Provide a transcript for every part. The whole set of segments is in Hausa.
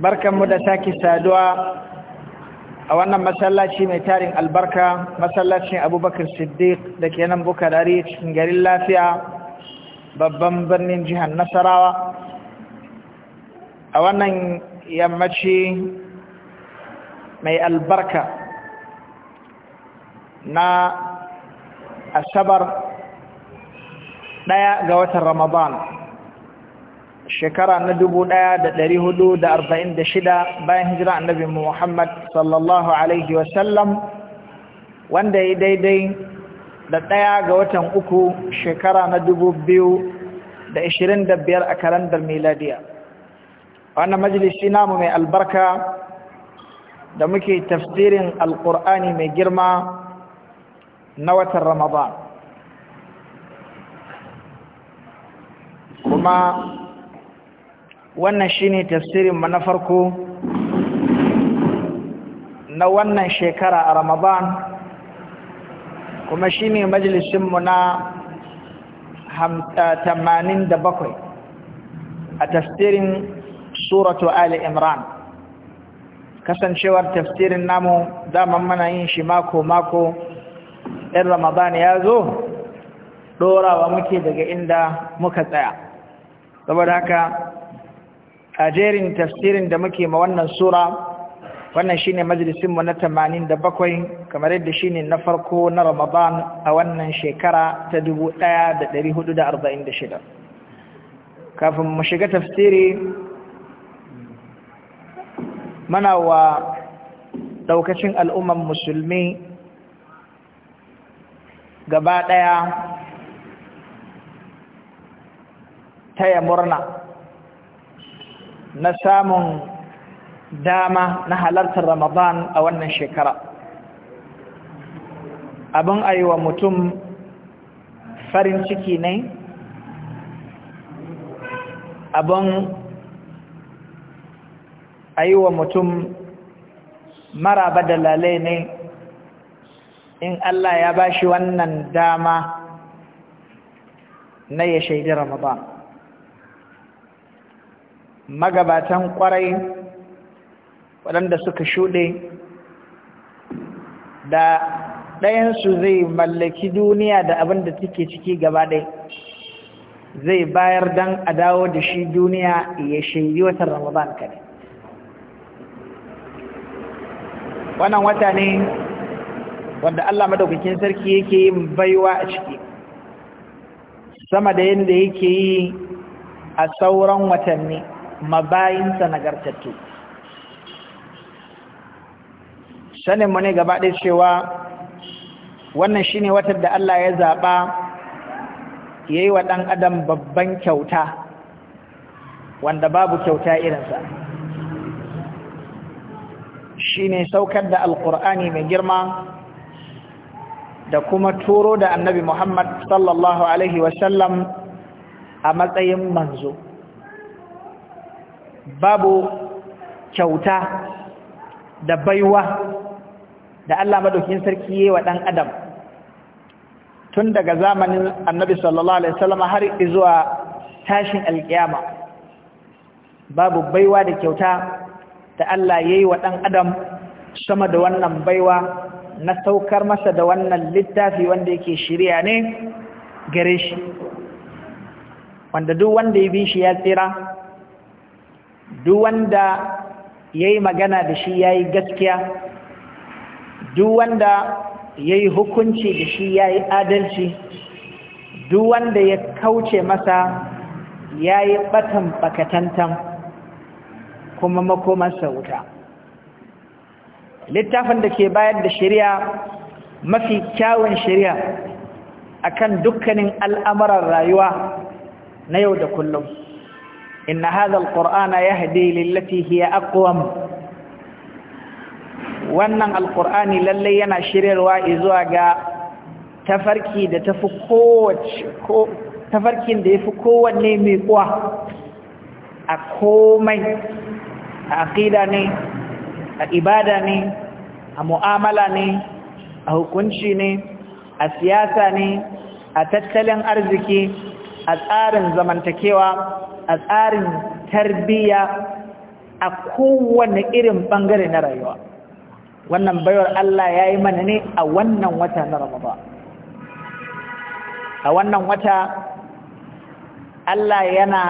barkanmu da sake saduwa a wannan masallaci mai tarin albarka masallacin abubakar siddiq da ke nan bukarari cikin garin lafiya babban birnin jihar nasarawa a wannan yammaci mai albarka na asabar ɗaya ga watan ramadan shekara na dubu ɗaya da ɗari hudu da arba'in da shida bayan hijira annabi Muhammad sallallahu Alaihi wasallam wanda ya daidai da ɗaya ga watan uku shekara na dubu biyu da ishirin da biyar a kalandar miladiya. Wannan majalisi namu mai albarka da muke tafsirin alƙur'ani mai girma na watan Ramadan. Kuma wannan shine tafsirin mu na farko na wannan shekara a ramadan kuma shi majalisin mu na 87 a tafsirin suratu ali imran kasancewar tafsirin namu daman mana yin shi mako mako in ramadan ya zo ɗorawa muke daga inda muka tsaya saboda haka a jerin tafsirin da muke ma wannan sura wannan shine majalisin mu na bakwai kamar yadda shine na farko na Ramadan a wannan shekara ta shida. kafin mu shiga tafsiri mana wa daukacin al'umman musulmi gaba ɗaya taya murna na samun dama na halartar ramadan a wannan shekara abin aiwa mutum farin ciki ne abin aiwa mutum maraba da lalai ne in Allah ya bashi wannan dama na ya shaidi ramadan magabatan kwarai waɗanda suka shuɗe da ɗayansu zai mallaki duniya da abin da take ciki gaba ɗai zai bayar don a dawo da shi duniya ya shaidi watan ramadan kare wannan wata ne wanda allah madaukakin sarki yake yin baiwa a ciki sama da yadda yake yi a sauran watanni mabayinsa nagartattu mu ne gaba ɗaya cewa wannan shi ne watan da Allah ya zaɓa ya yi wa ɗan adam babban kyauta wanda babu kyauta irinsa shi ne saukar da alƙur'ani mai girma da kuma turo da annabi Muhammad sallallahu Alaihi wasallam a matsayin manzo babu kyauta da baiwa da Allah madaukin sarki yayi wa dan adam tun daga zamanin annabi sallallahu alaihi wasallam har zuwa tashin alkiyama babu baiwa da kyauta da Allah yayi wa dan adam sama da wannan baiwa na saukar masa da wannan littafi wanda yake shirya ne gare shi wanda duk wanda ya bi shi ya tsira duk wanda ya yi magana da shi ya yi gaskiya duk wanda ya yi hukunci da shi ya yi adalci duk wanda ya kauce masa ya yi batan bakatantan kuma makomansa wuta littafin da ke bayar da shari'a mafi kyawun shari'a akan dukkanin al'amuran rayuwa na yau da kullum إن هذا ya يهدي للتي هي أقوم wannan alƙur'ani lallai yana shiryarwa zuwa ga tafarki da tafarkin da ya fi kowanne mai kuwa a komai a aƙida a ibada ne a mu'amala ne a hukunci ne a siyasa ne a tattalin arziki a tsarin zamantakewa a tsarin tarbiyya a kowane irin bangare na rayuwa wannan bayar Allah ya yi mana ne a wannan wata na ramaba a wannan wata Allah yana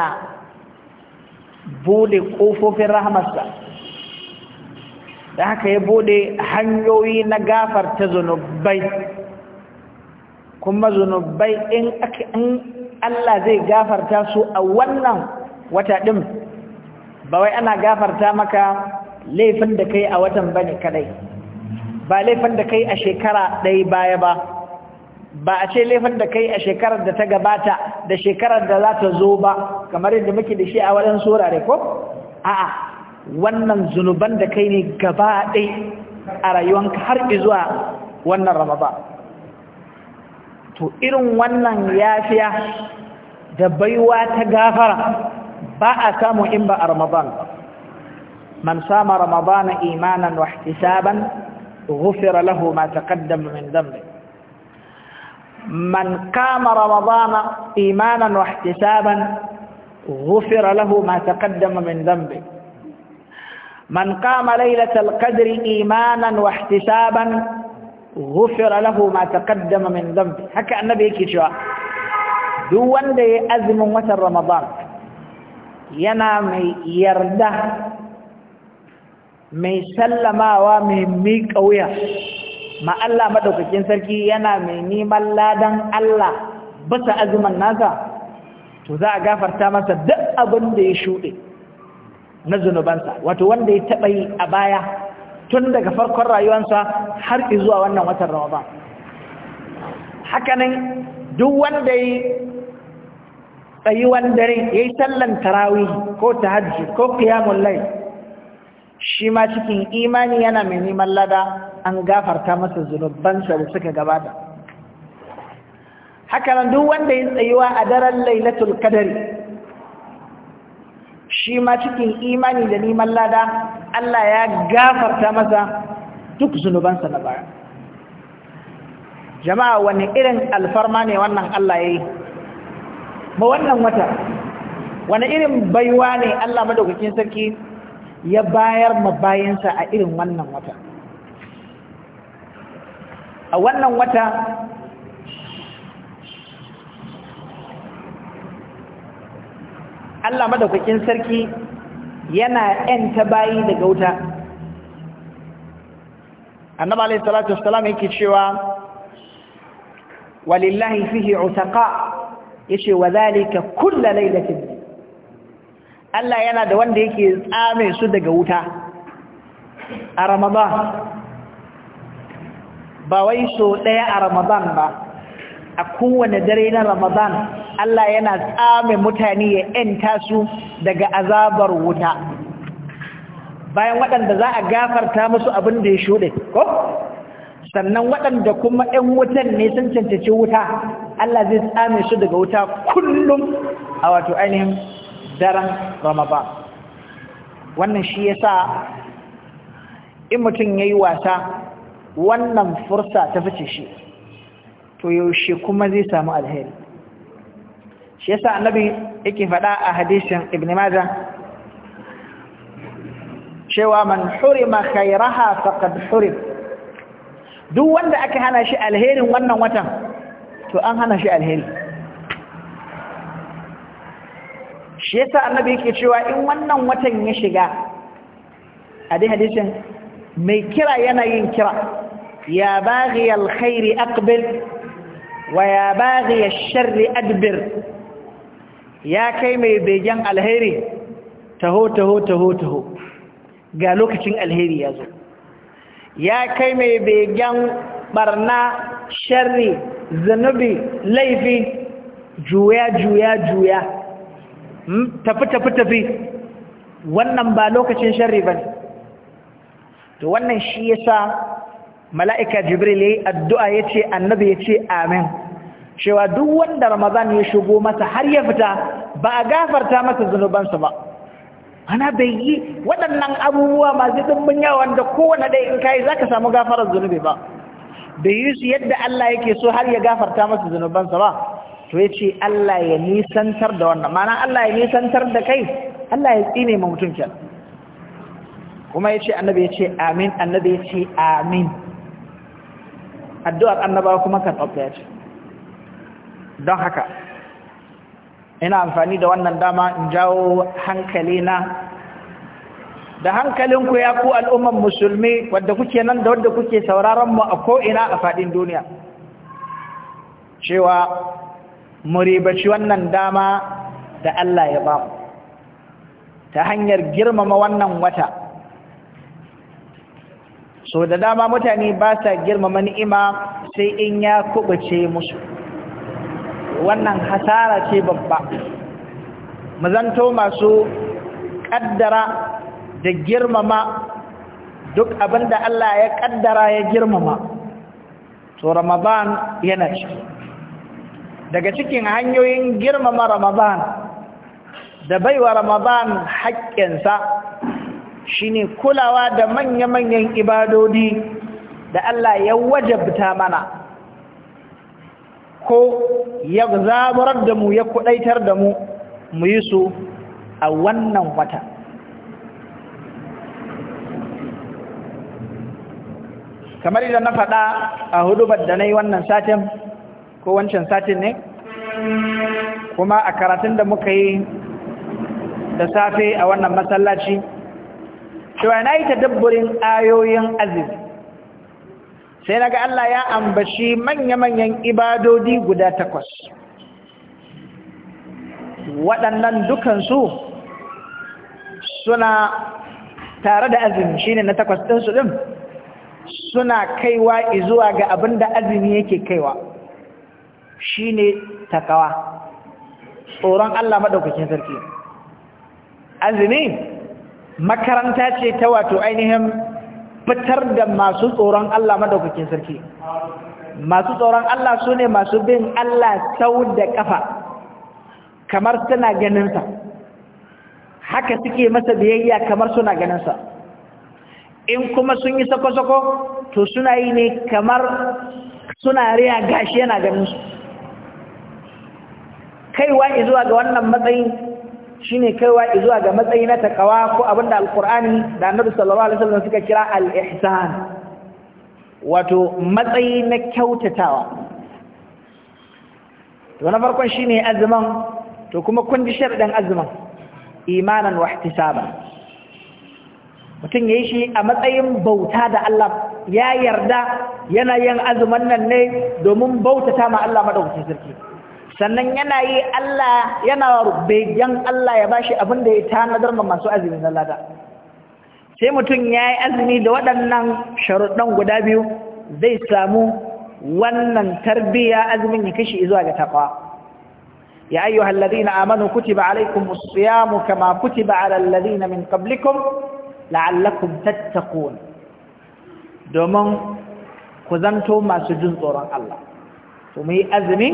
bude ƙofofin rahamarsa da haka ya bude hanyoyi na gafarta zunubai kuma zunubai in Allah zai gafarta su a wannan wata ɗin ba wai ana gafarta maka laifin da kai a watan bane kadai ba laifin da kai a shekara ɗaya baya ba ba a ce laifin da kai a shekarar da ta gabata da shekarar da za ta zo ba kamar yadda muke da shi a wajen wurare ko a'a wannan zunuban da kai ne gaba ɗaya a rayuwanka har zuwa wannan ramadan to irin wannan yafiya da baiwa ta gafara ba a samu in ba a ramadan man sama ramadana imanan wa ihtisaban ghufira lahu ma taqaddama min dhanbi man kama ramadana imanan wa ihtisaban ghufira lahu ma taqaddama min dhanbi من قام ليلة القدر إيمانا واحتسابا غفر له ما تقدم من ذنب haka annabi yake cewa duk wanda ya azumin watan ramadan yana mai yarda mai sallamawa mai miƙa wuya ma Allah madaukakin sarki yana mai neman ladan Allah bisa azumin nasa to za a gafarta masa duk abin da ya shuɗe na zunubansa wato wanda ya taɓa yi a baya tun daga farkon rayuwarsa har zuwa wannan watan ramadan hakanan duk wanda yi tsayuwan dare ya yi sallan tarawi ko tahajji ko kiyamun lai shi ma cikin imani yana mai neman lada an gafarta masa zunubansa da suka gabata hakanan duk wanda yi tsayuwa a daren lailatul Kadari. shi ma cikin imani da neman lada Allah ya gafarta masa duk zunubansa na baya jama'a wani irin alfarma ne wannan Allah ya yi ba wannan wata wani irin baiwa ne Allah madaukakin sarki ya bayar mabayansa a irin wannan wata a wannan wata Allah madaukakin sarki yana ‘yanta bayi daga wuta annaba alaihi salatu wasalam yake cewa walillahi fihi ya yace wa zalika kullu lailatin Allah yana da wanda yake tsame su daga wuta a Ramadan ba wai so ɗaya a Ramadan ba a kowane dare na Ramadan Allah yana tsame mutane ya ‘yanta su daga azabar wuta bayan waɗanda za a gafarta musu abin da ya shuɗe ko sannan waɗanda kuma ‘yan wutan ne sun cancanci wuta Allah zai tsame su daga wuta kullum a wato ainihin daren Ramadan wannan shi ya sa in mutum ya yi wasa wannan fursa ta fice shi to yaushe kuma zai samu alheri shi yasa annabi yake faɗa a hadisin ibn majah cewa man hurima khairaha faqad hurim duk wanda aka hana shi alherin wannan watan to an hana shi alheri shi yasa annabi yake cewa in wannan watan ya shiga a dai hadisin mai kira yanayin kira ya baghi alkhairi aqbil wa ya baghi ash-sharri adbir ya kai mai begen alheri taho taho taho taho ga lokacin alheri ya zo ya kai mai begen barna sharri zanubi laifi juya juya juya hmm? tafi tafi tafi wannan ba lokacin sharri ba to wannan shi yasa mala'ika jibril ya yi addu'a ya ce annabi ya ce amin cewa duk wanda Ramazan ya shigo masa har ya fita ba a gafarta masa zunubansa ba ana bai yi waɗannan abubuwa masu ɗumbin yawa wanda kowane ɗaya in kayi za ka samu gafarar zunubi ba bai yi su yadda Allah yake so har ya gafarta masa zunubansa ba to ya ce Allah ya nisantar da wannan mana Allah ya nisantar da kai Allah ya tsine ma mutum kenan kuma ya ce annabi ya ce amin annabi ya ce amin addu'ar annabawa kuma karɓaɓɓiya ce don haka ina amfani da wannan dama in jawo hankalina da hankalinku ya ku al'umman musulmi wadda kuke nan da wadda kuke sauraron mu a ko'ina a fadin duniya cewa mu muribaci wannan dama da Allah ya ba ta hanyar girmama wannan wata so da dama mutane ba sa girmama ni'ima sai in ya kubuce musu wannan hasara ce babba mu zanto masu kaddara da girmama duk abinda Allah ya kaddara ya girmama to ramadan yana ci. daga cikin hanyoyin girmama ramadan da baiwa ramadan haƙƙinsa shine kulawa da manya-manyan ibadodi da Allah ya wajabta mana ko ya zaburar da mu ya kudaitar da mu mu yi su a wannan wata kamar idan na faɗa a hudu da na yi wannan satin ko wancan satin ne kuma a karatun da muka yi da safe a wannan masallaci cewa na yi tadabburin ayoyin azumi sai naga Allah ya ambashi manya-manyan ibadodi guda takwas waɗannan dukansu suna tare da azumi ne na takwas ɗinsu ɗin suna kaiwa izuwa ga abin da azumi yake kaiwa Shi ne takawa tsoron Allah maɗaukakin sarki azumi makaranta ce ta wato ainihin fitar da masu tsoron Allah madaukakin sarki masu tsoron Allah su ne masu bin Allah sau da ƙafa kamar suna ganinsa haka suke masa biyayya kamar suna ganinsa in kuma sun yi sako-sako to suna yi ne kamar suna riya gashi yana ganinsu kaiwa zuwa ga wannan matsayin shine kaiwa zuwa ga matsayi na takawa ko abinda alqur'ani da annabi sallallahu alaihi wasallam suka kira al-ihsan wato matsayi na kyautatawa to na farkon shine azuman, to kuma kundi sharɗin azumin imanan wa ihtisaba mutum yayi shi a matsayin bauta da Allah ya yarda yana yin azumin nan ne domin bautata ma Allah madaukakin sarki sannan yana yi Allah yana begen Allah ya bashi abin da ya tanadar ma masu azumi na lada sai mutum ya yi azumi da waɗannan sharuɗan guda biyu zai samu wannan tarbiyya azumin ya kashi zuwa ga taƙwa ya ayyu halladina amanu kutiba alaikum mu kama ba ala alladina min qablikum la'allakum tattaqun domin ku zanto masu jin tsoron Allah to mu yi azumi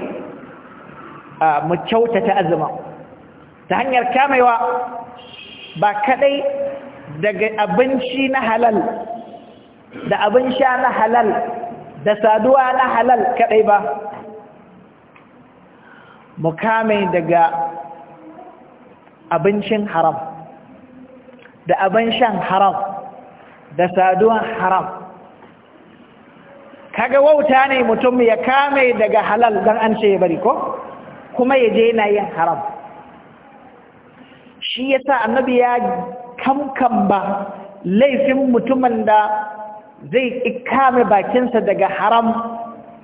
mu kyautata azumin ta hanyar kamewa ba kadai daga abinci na halal da abin sha na halal da saduwa na halal kadai ba mu kame daga abincin haram da abin shan haram da saduwan haram kaga wauta ne mutum ya kame daga halal don an ce ya bari ko? kuma ya je yana yin haram shi yasa annabi ya kamkan ba laifin mutumin da zai kame bakinsa daga haram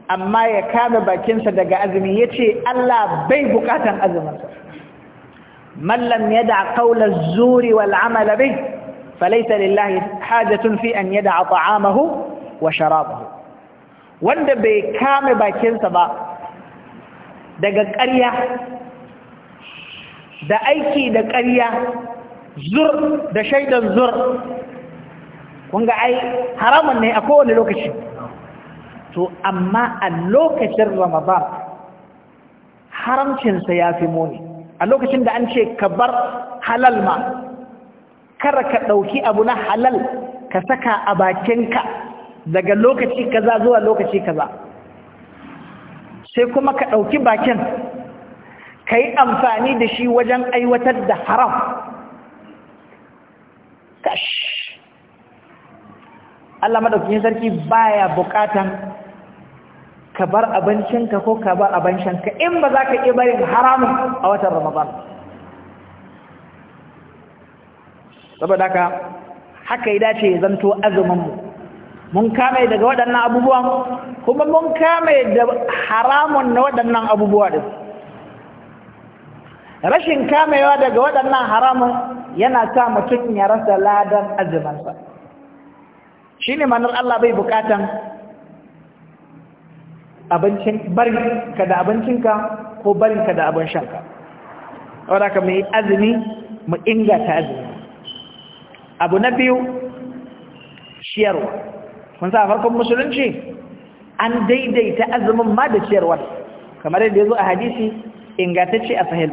amma ya kame bakinsa daga azumi ya ce Allah bai bukatan azuminsa mallam ya da kaular zuri wal amala bai falaita lillahi hajjatun fi an yada a ta'amahu wa sharabahu wanda bai kame bakinsa ba daga ƙarya da aiki da ƙarya zur da shaidan zur kunga ai haramun ne a kowane lokaci to amma a lokacin ramadan haramcinsa ya fi muni a lokacin da an ce ka bar halal ma kar ka ɗauki abu na halal ka saka a bakinka daga lokaci kaza zuwa lokaci kaza sai kuma ka ɗauki bakin ka yi amfani da shi wajen aiwatar da haram kash Allah maɗaukin sarki baya buƙatan ka bar abincinka ko ka bar abincinka in ba za ka ƙi barin haramun a watan ramadan saboda haka haka ya dace zanto azuminmu mun kame daga waɗannan abubuwan kuma mun kame da haramun na waɗannan abubuwa su. rashin kamewa daga waɗannan haramun yana sa mutum ya rasa ladan azumansa shi ne manar Allah bai bukatan abincin barinka da abincinka ko barinka da abin shanka wadda ka mai azumi mu ta azumi abu na biyu shiyarwa kun sa farkon musulunci an daidaita azumin ma da ciyarwar kamar yadda ya zo a hadisi ingantacce a sahih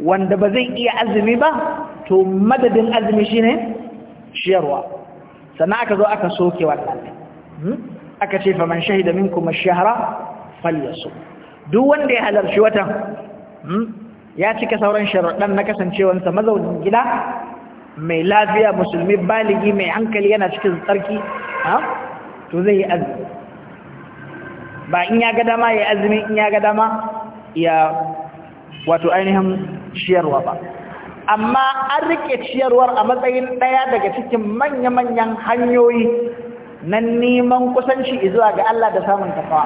wanda ba zai iya azumi ba to madadin azumi shine ciyarwa sannan aka zo aka soke wannan hmm? aka ce faman shahida minkum ash-shahra falyasum duk wanda ya halarci watan hmm, ya cika sauran sharuɗan na kasancewansa mazaunin gida mai lafiya musulmi baligi mai hankali yana cikin tsarki ha to zai yi azumi ba in ya ga dama ya azumi in ya ga dama ya wato ainihin ciyarwa ba amma an rike ciyarwar a matsayin ɗaya daga cikin manya-manyan hanyoyi na neman kusanci zuwa ga Allah da samun tafawa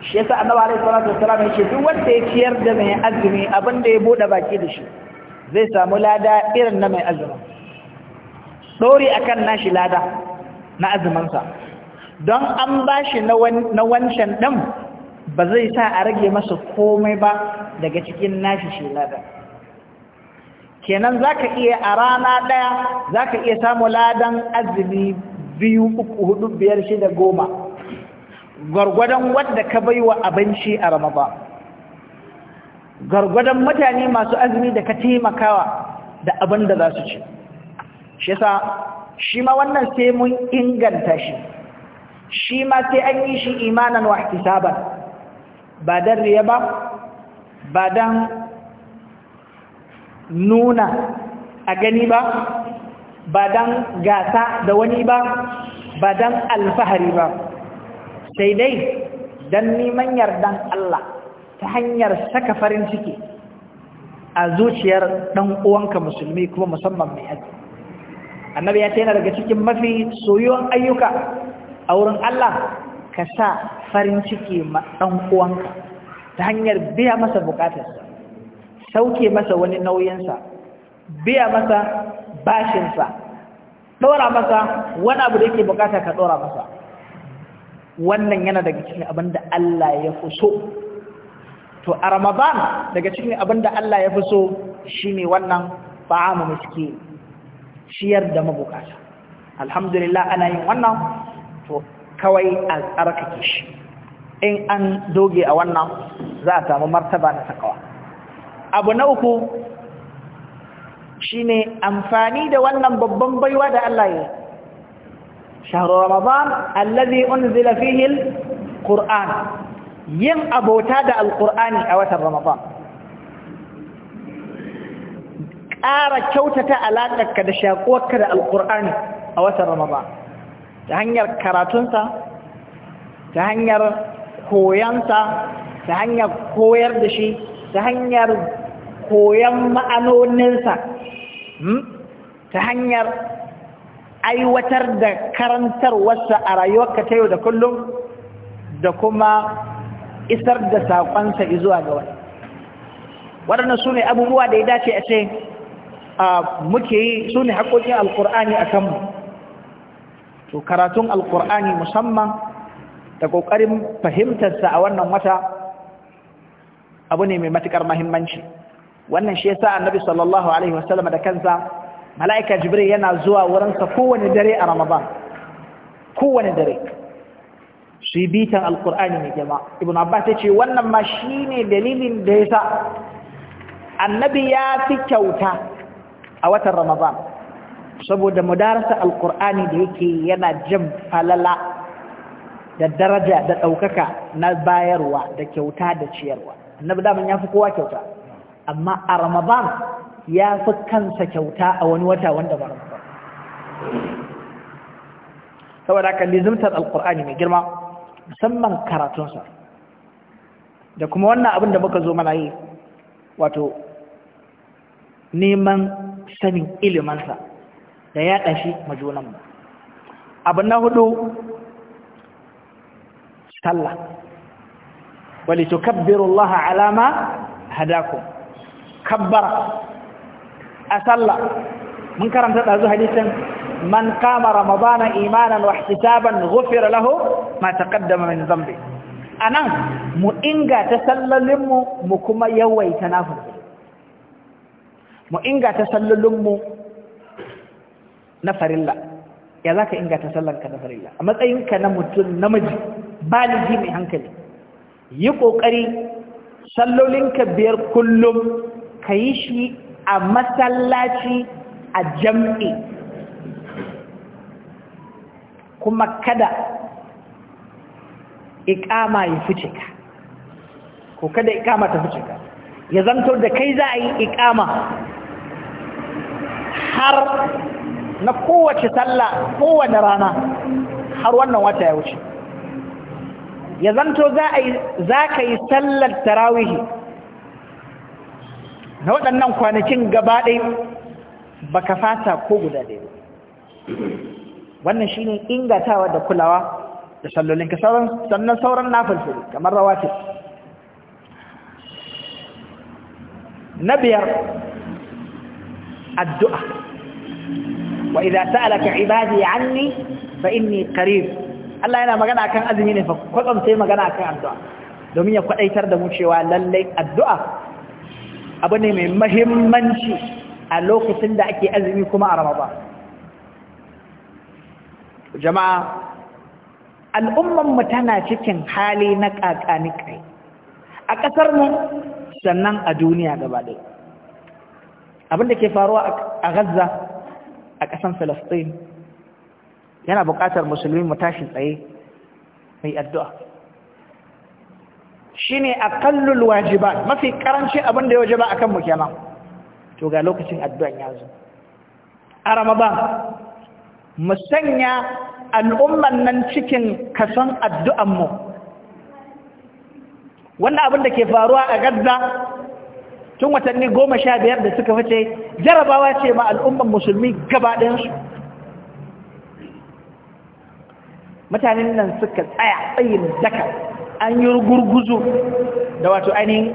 shi yasa annabi alaihi salatu wassalam yace duk wanda ya ciyar da mai azumi abin da ya bude baki da shi zai samu lada irin na mai azumi dori akan nashi lada na azumansa don an ba shi na wancan ɗin ba zai sa a rage masa komai ba daga cikin nashi shi ladan kenan za ka iya a rana ɗaya za ka iya samu ladan azumi biyu uku hudu biyar shida goma gwargwadon wadda ka bai wa abinci a ramaba gwargwadon mutane masu azumi da ka taimakawa da abin da za su ci shi sa. shi ma wannan sai mun inganta shi shi ma sai an yi shi imanan wa ihtisaban ba dan riya ba ba dan nuna a gani ba ba dan gasa da wani ba ba dan alfahari ba sai dai dan neman yardan Allah ta hanyar saka farin ciki a zuciyar ɗan uwanka musulmi kuma musamman mai aji annabi ya ce yana daga cikin mafi soyuwan ayyuka a wurin Allah ka sa farin ciki ma ɗan uwanka ta hanyar biya masa bukatarsa sauke masa wani nauyinsa biya masa bashinsa ɗora masa wani abu da yake bukata ka ɗora masa wannan yana daga cikin abin da Allah ya fi so to a ramadan daga cikin abin da Allah ya fi so shine wannan mu miskini ciyar da mabukata alhamdulillah ana yin wannan to kawai a tsarkake shi in an doge a wannan za a samu martaba na takawa abu na uku shine amfani da wannan babban baiwa da Allah ya shahru ramadan allazi unzila fihil alquran yin abota da alkur'ani a watan ramadan ƙara kyautata alaƙarka da shaƙuwarka da alƙur'ani a watan ramadan ta hanyar karatunsa ta hanyar koyonsa, ta hanyar koyar da shi ta hanyar koyan ma'anoninsa hmm? ta hanyar aiwatar da karantarwarsa a rayuwarka ta yau da kullum da kuma isar da saƙonsa izuwa ga wani waɗannan su ne abubuwa da ya dace a ce muke yi su ne haƙoƙin alƙur'ani a kanmu to karatun alƙur'ani musamman da ƙoƙarin fahimtarsa a wannan wata abu ne mai matuƙar mahimmanci wannan shi sa annabi sallallahu alaihi wasallam da kansa mala'ika jibril yana zuwa wurinsa kowane dare a ramadan kowane dare su yi bitan alƙur'ani mai jama ibn abbas ya ce wannan ma shi ne dalilin da ya sa annabi ya fi kyauta a watan ramadan saboda mudarasa alkur'ani da yake yana jin falala da daraja da ɗaukaka na bayarwa da kyauta da ciyarwa annabi daman ya fi kowa kyauta amma a ramadan ya fi kansa kyauta a wani wata wanda ba ramadan saboda haka lizimtar alkur'ani mai girma musamman karatunsa da kuma wannan abin da muka zo mana yi wato neman sanin ilimansa da ya ɗashi majonanmu abu na hudu sallah wali tukabbirullaha alama hadakum kabbara a sallah mun karanta ɗazu hadisin man kama ramadana imanan wa ihtisaban ghufira lahu mata taqaddama min dhanbi anan mu inga ta sallalinmu mu kuma yawaita nafila mu ingata sallolinmu na farilla ya za ka ingata sallanka na farilla a matsayinka na mutum namiji ji mai hankali yi ƙoƙari sallolinka biyar kullum ka yi shi a masallaci a jam'i kuma kada ikama ya fice ka ko kada ikama ta fice ka ya zanto da kai za a yi ikama har na kowace sallah kowane rana har wannan wata ya wuce ya zanto za ka yi sallar tarawihi na waɗannan kwanakin gaba ɗai ba ka fata ko guda ɗaya wannan shi ne ingatawa da kulawa da sallolinka sannan sauran nafalfuri kamar rawatin na biyar addu'a وإذا سألك عبادي عني فإني قريب Allah yana magana akan azumi ne fa kwatsam sai magana akan addu'a domin ya kwadaitar da mu cewa lalle addu'a abu ne mai muhimmanci a lokacin da ake azumi kuma a Ramadan jama'a al'umman mu tana cikin hali na kakani kai a kasar mu sannan a duniya gaba ɗaya abin da ke faruwa a gazza. a ƙasan falasɗin yana buƙatar musulmi mu tashi tsaye mai addu'a shi ne a kallul wajiba mafi ƙaranci abin da ya waje ba a kan mukema, to ga lokacin addu'an ya zo a ramadan mu sanya al'umman nan cikin kason addu'anmu wannan abin da ke faruwa a gazza tun watanni goma sha biyar da suka fice jarabawa ce ma al'ummar musulmi gabaɗinsu mutanen nan suka tsaya tsayin daka an yi gurguzu da wato ainihin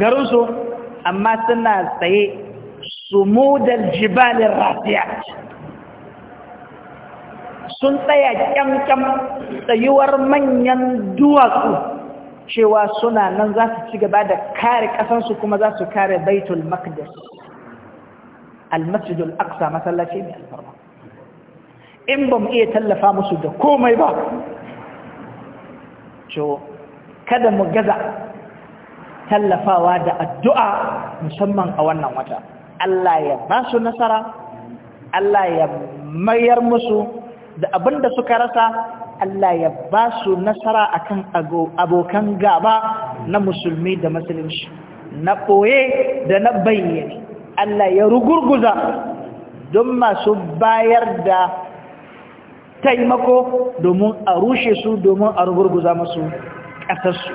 garinsu amma suna tsaye su mudar jibalin rafiya sun tsaya kyamkyam tsayuwar manyan duwatsu cewa suna nan za su ci gaba da kare ƙasansu kuma za su kare baitul maqdis almasjidul aqsa masallaci ne alfarma in ba mu iya tallafa musu da komai ba cewa kada mu gaza tallafawa da addu'a musamman a wannan wata Allah ya ba su nasara Allah ya mayar musu da abinda suka rasa Allah ya ba su nasara kan abokan gaba na musulmi da musulunci na ɓoye da na bayyane Allah ya rugurguza don masu bayar da taimako domin a rushe su domin a rugurguza masu ƙasarsu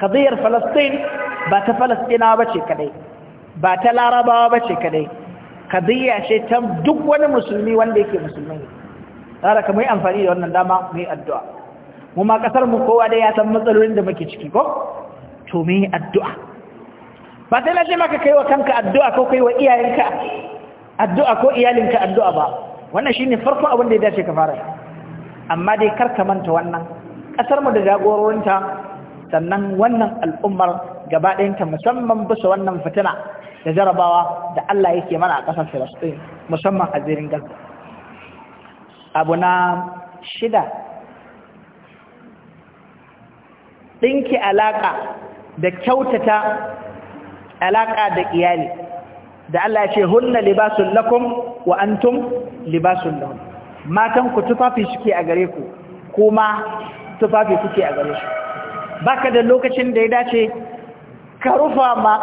Kaziyar falastin ba ta falastina ba ce kadai ba ta larabawa ba ce kadai kaziyar ce ta duk wani musulmi wanda yake musulmi tsara ka mai amfani da wannan dama mai addu'a mu ma kasar mu kowa dai ya san matsalolin da muke ciki ko to yi addu'a ba sai lalle maka kai wa kanka addu'a ko kai iyayenka addu'a ko iyalinka addu'a ba wannan shine farko abin da ya dace ka fara amma dai kar ka manta wannan kasar mu da jagororinta sannan wannan al'ummar gaba ɗayanta musamman bisa wannan fitina da jarabawa da Allah yake mana a ƙasar Filistin musamman a zirin Gaza abu na shida ɗinki alaƙa da kyautata alaƙa da iyali da Allah ce hunna libasun lakum wa antum libasun lahum matan ku tufafi suke a gare ku kuma tufafi suke a gare shi, baka da lokacin da ya dace ka rufa ma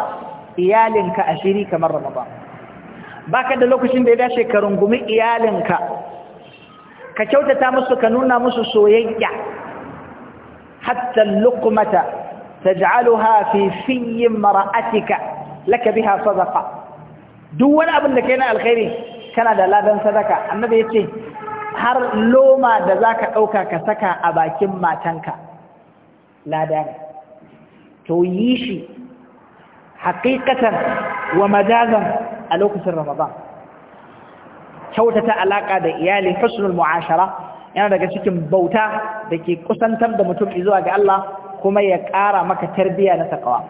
iyalinka asiri kamar Ramadan baka da lokacin da ya dace ka rungumi iyalinka ka kyautata musu ka nuna musu soyayya hatta luqmata taj'alha fi fi mar'atika laka biha sadaqa duk wani abin da kai na alkhairi kana da ladan sadaka annabi yace har loma da zaka dauka ka saka a bakin matanka lada to yi shi haqiqatan wa majazan a lokacin ramadan kyautata alaka da iyali husnul mu'ashara yana daga cikin bauta da ke kusantar da mutum zuwa ga Allah kuma ya ƙara maka tarbiya na takawa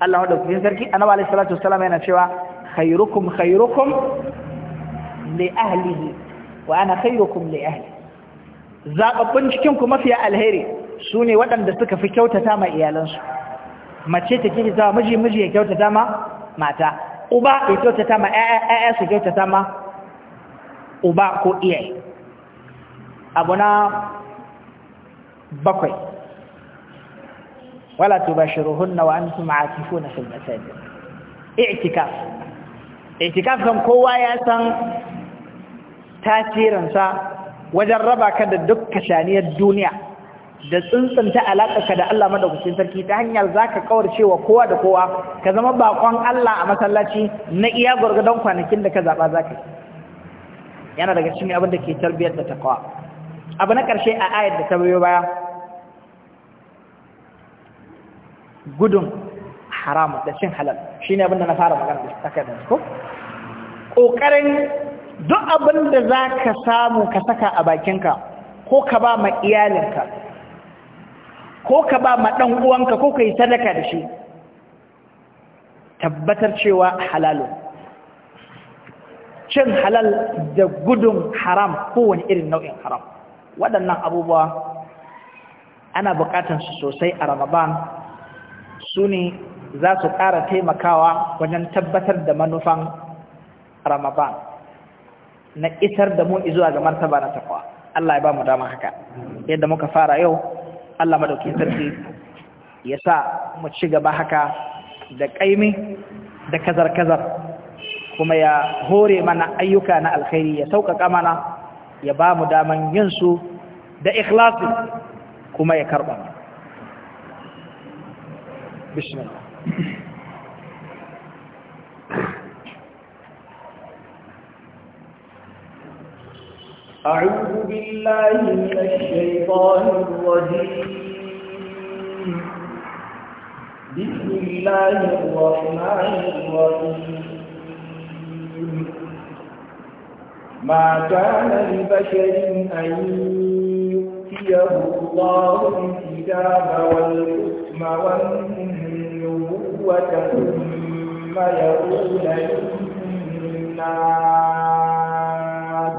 Allah da kufin sarki annabi alaihi salatu wassalam yana cewa khairukum khairukum li ahlihi wa ana khairukum li ahli zababbun cikin ku mafiya alheri sune waɗanda suka fi kyautata ma iyalansu mace ta kyautata miji miji ya kyautata ma mata uba ya kyautata ma ƴaƴa su kyautata ma uba ko iyai, abu na bakwai wala tubashiruhunna wa antum aakifuna fil masajid i'tikaf i'tikaf kan kowa ya san tasirinsa wajen raba ka da duk shaniyar duniya da tsuntsunta alaƙarka da Allah madaukakin sarki ta hanyar za ka kawarce wa kowa da kowa ka zama bakon Allah a masallaci na iya gurgudan kwanakin da ka zaɓa za ka yi yana daga cikin abin da ke tarbiyyar da taqwa abu na karshe a ayar da ta biyo baya gudun haram da cin halal shine abin da na fara magana da da ko kokarin duk abin da zaka samu ka saka a bakinka ko ka ba ma iyalinka ko ka ba ma dan uwanka ko kai sadaka da shi tabbatar cewa halalun cin halal da gudun haram kowane irin nau'in haram waɗannan abubuwa ana buƙatar su sosai a ramadan su ne za su ƙara taimakawa wajen tabbatar da manufan ramadan na isar da mu zuwa ga martaba na takwa Allah ya ba mu dama haka yadda muka fara yau Allah madauki sarki ya sa mu ci gaba haka da ƙaimi da kazar-kazar kuma ya hore mana ayyuka na alkhairi ya sauƙaƙa mana ya ba mu daman yin su da ikhlasi kuma ya karɓa mana bismillah a'udhu billahi minash shaitanir rajim بسم الله الرحمن الرحيم ما كان لبشر أن يؤتيه الله الكتاب والحكم والنبوة ثم يقول للناس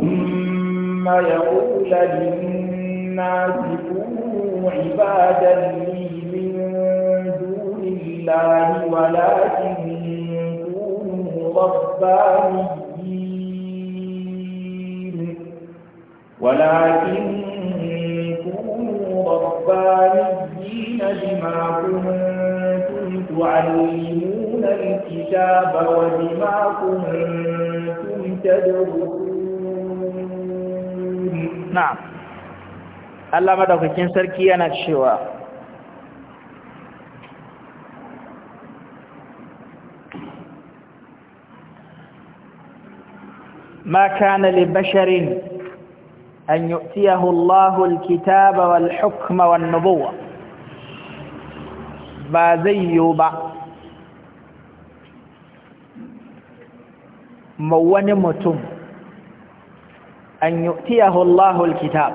ثم يقول للناس كونوا عبادا لي من دون الله ولكن كونوا ربانيين ولكن كونوا ربانيين بما كنتم تعلمون الكتاب وبما كنتم تدرسون نعم Allah madaukakin sarki yana cewa ma ما كان لبشر أن يؤتيه الله الكتاب والحكم والنبوة بازيوبا موان متم أن يؤتيه الله الكتاب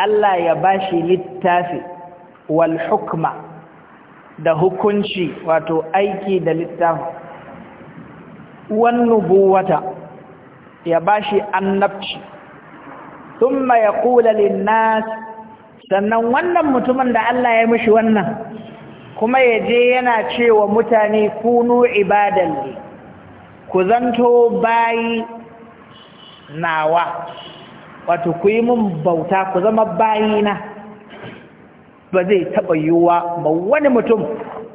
ألا يباشي للتافي والحكم ده هكونشي واتو أيكي ده للتافي والنبوة يباشي النبشي ثم يقول للناس nas sannan wannan mutumin da Allah ya mishi wannan kuma yaje yana cewa mutane kunu ibadan ku zanto bayi nawa wato ku yi mun bauta ku zama na, ba zai taba yiwuwa ba wani mutum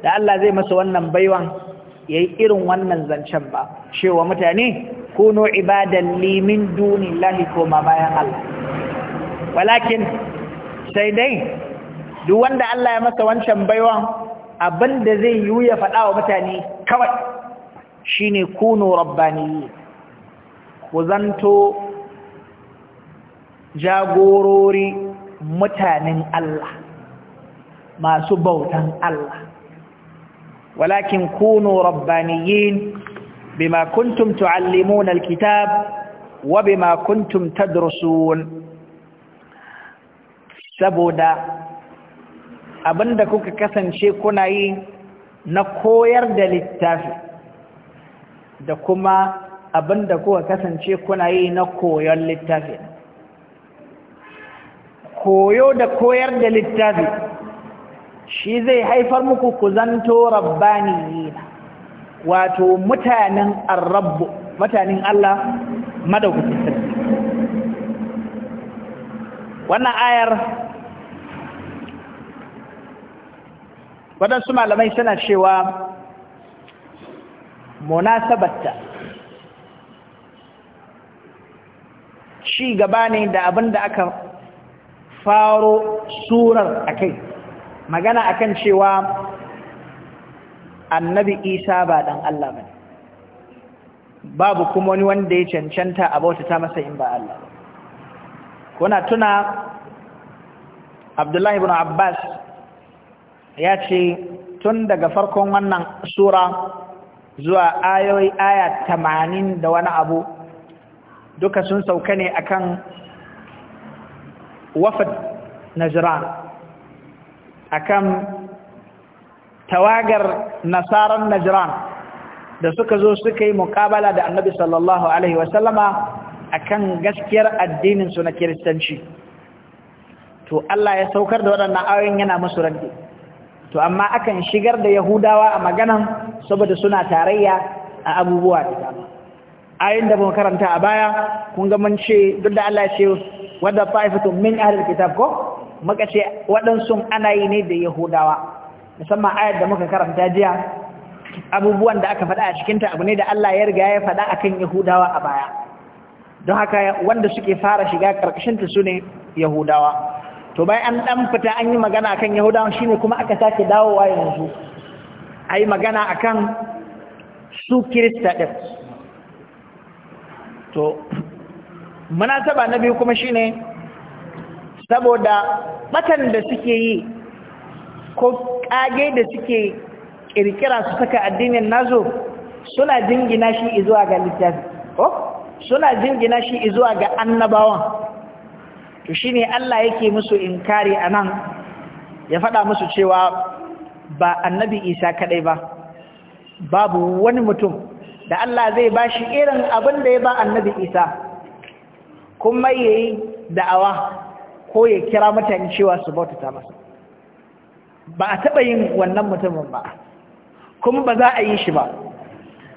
da Allah zai masa wannan baiwan ya yi irin wannan zancen ba cewa mutane kuno ibadan limin duni lahi koma bayan Allah walakin sai dai duk wanda Allah ya masa wancan baiwan abinda zai yi ya faɗa wa mutane kawai shine kuno rabbaniyi ku zanto jagorori mutanen Allah masu bautan Allah ولكن كونوا ربانيين بما كنتم تعلمون الكتاب وبما كنتم تدرسون saboda abinda kuka kasance kuna yi na koyar da littafi da kuma abinda kuka kasance kuna yi na koyon littafi koyo da koyar da littafi shi zai haifar muku ku zanto rabbaniyina wato mutanen arrabu mutanen Allah madaukakin sarki wannan ayar waɗansu malamai suna cewa munasabatta ci gaba ne da abin da aka faro surar a kai magana akan cewa annabi isa ba dan Allah ba babu kuma wani wanda ya cancanta a bauta ta masa in ba Allah kuna tuna abdullahi ibn abbas ya ce tun daga farkon wannan sura zuwa ayoyi aya tamanin da wani abu duka sun sauka ne akan wafat najran akan tawagar nasaran najran da suka zo suka yi muƙabala da annabi sallallahu alaihi wasallama akan gaskiyar addininsu na kiristanci to Allah ya saukar da waɗannan ayoyin yana musu raddi to amma akan shigar da yahudawa a maganan saboda suna tarayya a abubuwa da dama da muka karanta a baya kun ga mun ce duk da Allah ya ce wadda fito min ahlul kitab ko muka ce waɗansu ana yi ne da yahudawa musamman ayar da muka karanta jiya abubuwan da aka faɗa a cikinta abu ne da Allah ya riga ya faɗa akan yahudawa a baya don haka wanda suke fara shiga ƙarƙashinta su ne yahudawa to bai an ɗan fita an yi magana akan yahudawa shine kuma aka sake dawowa yanzu a yi magana akan su kirista ɗin to munasaba na biyu kuma shine saboda batan da suke yi ko kage da suke kirkira su saka addinin nazo suna jingina shi izuwa ga littafi ko suna jingina shi izuwa ga annabawan to shine Allah yake musu inkari anan ya faɗa musu cewa ba annabi Isa kadai ba babu wani mutum da Allah zai bashi irin abin da ya ba annabi Isa kuma yayi da'awa ko ya kira mutane cewa su bautata masa ba a taɓa yin wannan mutumin ba kuma ba za a yi shi ba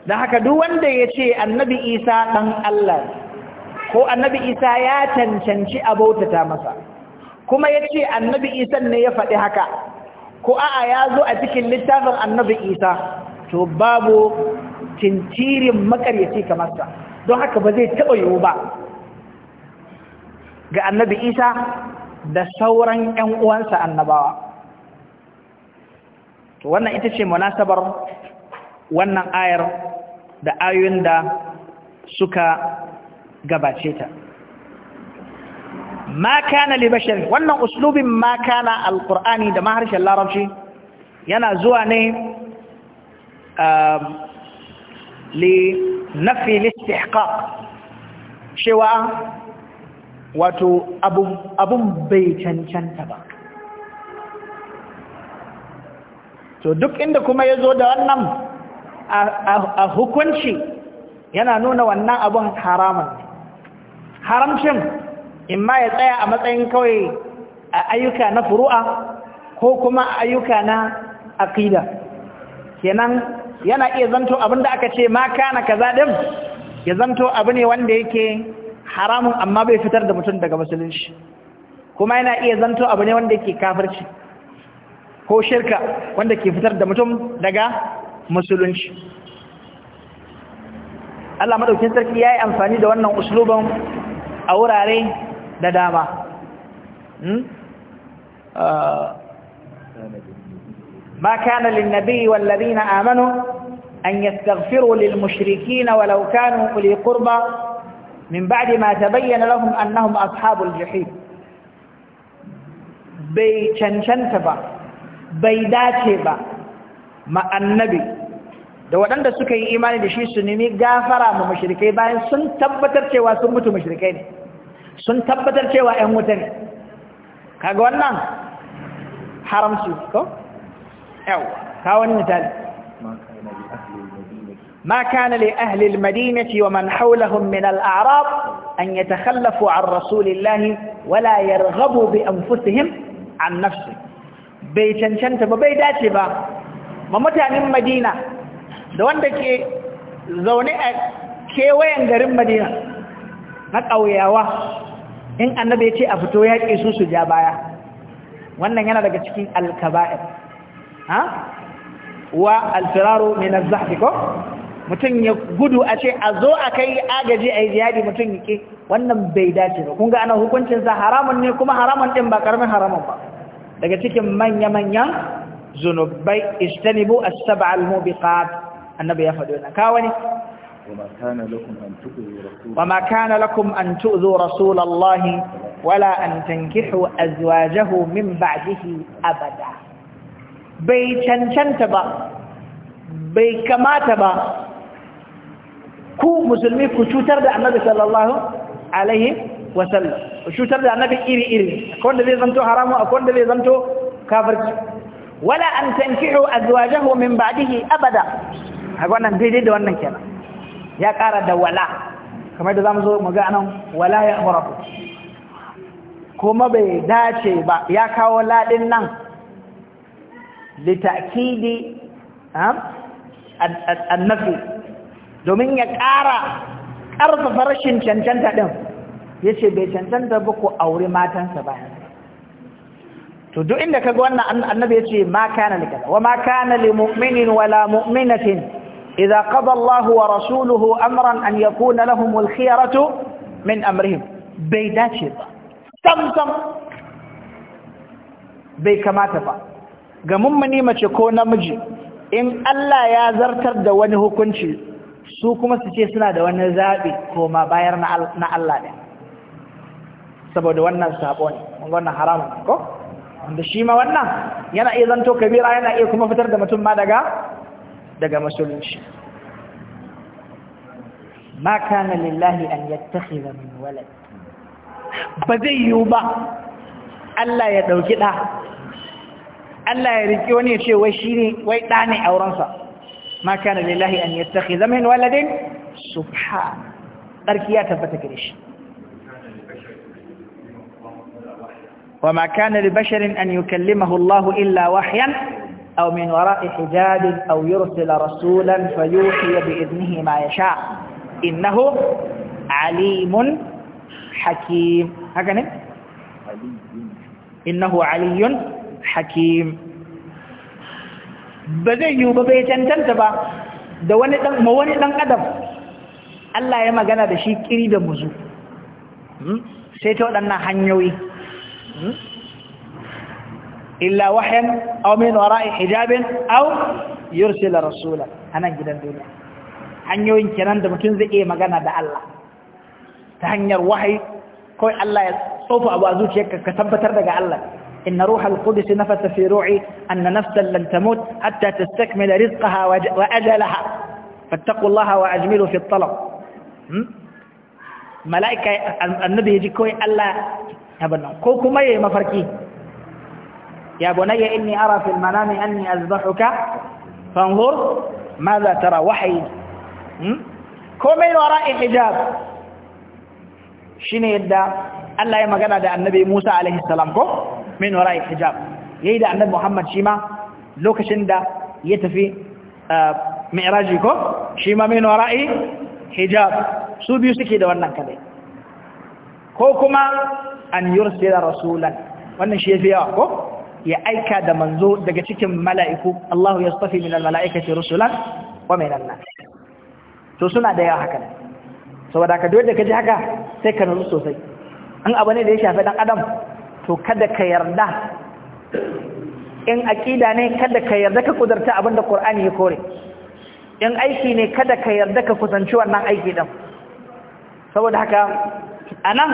da haka duk wanda ya ce annabi isa ɗan allah ko annabi isa ya cancanci a bautata masa kuma ya ce annabi Isa ne ya faɗi haka ko a'a ya zo a cikin littafin annabi isa to babu tintirin makaryaci kamar ta don haka ba zai taɓa yiwu ba ga annabi isa da sauran ‘yan uwansa annabawa to wannan ita ce munasabar wannan ayar da ayoyin da suka gabace ta ma kana li wannan uslubin ma kana alqur'ani da maharshen larabci yana zuwa ne um, li nafi listihqaq cewa wato abun bai cancanta ba to duk inda kuma ya zo da wannan a hukunci yana nuna wannan abun haramun haramcin imma ya tsaya a matsayin kawai a ayyuka na furu'a ko kuma ayyuka na akida kenan yana iya zanto da aka ce ma kana kaza din ya zanto abu ne wanda yake haramun amma bai fitar da mutum daga musulunci kuma yana iya zanto abu ne wanda yake kafirci ko shirka wanda ke fitar da mutum daga musulunci Allah madaukin sarki yi amfani da wannan usluban a wurare da dama ما كان للنبي والذين آمنوا أن يستغفروا للمشركين ولو كانوا أولي قربى min ba'di ma tabayyana lahum annahum ashabul jahim bai cancanta ba bai dace ba ma annabi da waɗanda suka yi imani da shi su nemi gafara ma mushrikai bayan sun tabbatar cewa sun mutu mushrikai ne sun tabbatar cewa ‘yan wuta ne kaga wannan haramci ko? yau ka wani misali ما كان لأهل المدينة ومن حولهم من الأعراب أن يتخلفوا عن رسول الله ولا يرغبوا بأنفسهم عن نفسه بيتنشنت ببيدات با ممتعني مدينة دوان دكي زوني kewayen garin madina na ƙauyawa in annabi ya ce a fito ya ƙi su su ja baya wannan yana daga mutum ya gudu a ce a zo a kai agaji a yi jihadi mutum ya ke wannan bai dace ba kun ga ana hukuncinsa haramun ne kuma haramun ɗin ba ƙaramin haramun ba daga cikin manya-manyan zunubai istanibu as-sab'a al-mubiqat annabi ya faɗi wannan ka wani وما كان لكم أن تؤذوا رسول الله ولا an tankihu azwajahu min ba'dihi abada bai cancanta ba bai kamata ba ku musulmi ku cutar da annabi sallallahu alaihi wasallam ku cutar da annabi iri-iri akwai wanda zai zanto haramu akwai wanda zai zanto kafirci wala an tankihu azwajahu min ba'dihi abada a wannan daidai da wannan kenan ya kara da wala kamar da zamu zo mu ga anan wala ya amuraku kuma bai dace ba ya kawo ladin nan litakidi ha annabi domin ya ƙara ƙarfafa rashin cancanta ɗin ya ce bai cancanta ba ko aure matansa ba to duk inda kaga wannan annabi ya ce ma kana likaza wa ma kana li mu'minin wa la mu'minatin idza qada Allahu wa rasuluhu amran an yakuna lahum al khiyaratu min amrihim bai dace ba tam tam bai kamata ba ga mummuni mace ko namiji in Allah ya zartar da wani hukunci su kuma su ce suna da wani zaɓi koma bayar na Allah ne saboda wannan saɓo ne wannan haramun ko wanda shi ma wannan yana iya zanto kabira yana iya kuma fitar da mutum ma daga daga musulunci ma kana lillahi an yattakhidha min walad ba zai yiwu ba Allah ya ɗauki ɗa Allah ya riƙe wani ya ce wai shi ne wai ɗa ne aurensa ما كان لله أن يتخذ من ولد سبحان تركيات تبتك وما كان لبشر أن يكلمه الله إلا وحيا أو من وراء حجاب أو يرسل رسولا فيوحي بإذنه ما يشاء إنه عليم حكيم هكذا إنه علي حكيم ba zai yiwu ba bai cancanta ba da wani dan ma wani dan adam Allah ya magana da shi kiri da muzu hmm? sai ta waɗannan hanyoyi hmm? illa wahyan aw min wara'i hijabin aw yursila rasula anan gidan duniya hanyoyin kenan da mutum zai iya magana da Allah ta hanyar wahayi kawai Allah ya tsofa abu a zuciyarka ka tabbatar daga Allah إن روح القدس نفث في روعي أن نفسا لن تموت حتى تستكمل رزقها وأجلها فاتقوا الله وأجملوا في الطلب ملائكة النبي يجي كوي ألا يبنى كوكو مي مفركي يا بني إني أرى في المنام أني أذبحك فانظر ماذا ترى وحي كومين وراء حجاب شنو يدى الله يمكن هذا النبي موسى عليه السلام كو min wara'i hijab yayi da annabi Muhammad shima lokacin da ya tafi eh, mi'raji ko shi min wara'i hijab su biyu suke da wannan kadai ko kuma an yursila rasulan wannan shi yafi yawa ko ya aika da manzo daga cikin mala'iku Allahu yastafi min al rusulan wa min an to suna da yawa haka saboda ka dole ka ji haka sai ka nutsu sosai an abu ne da ya shafi dan adam to kada ka yarda in aqida ne kada ka yarda ka kudarta abinda Qur'ani ya kore in aiki ne kada ka yarda ka kusanci wannan aiki din saboda haka anan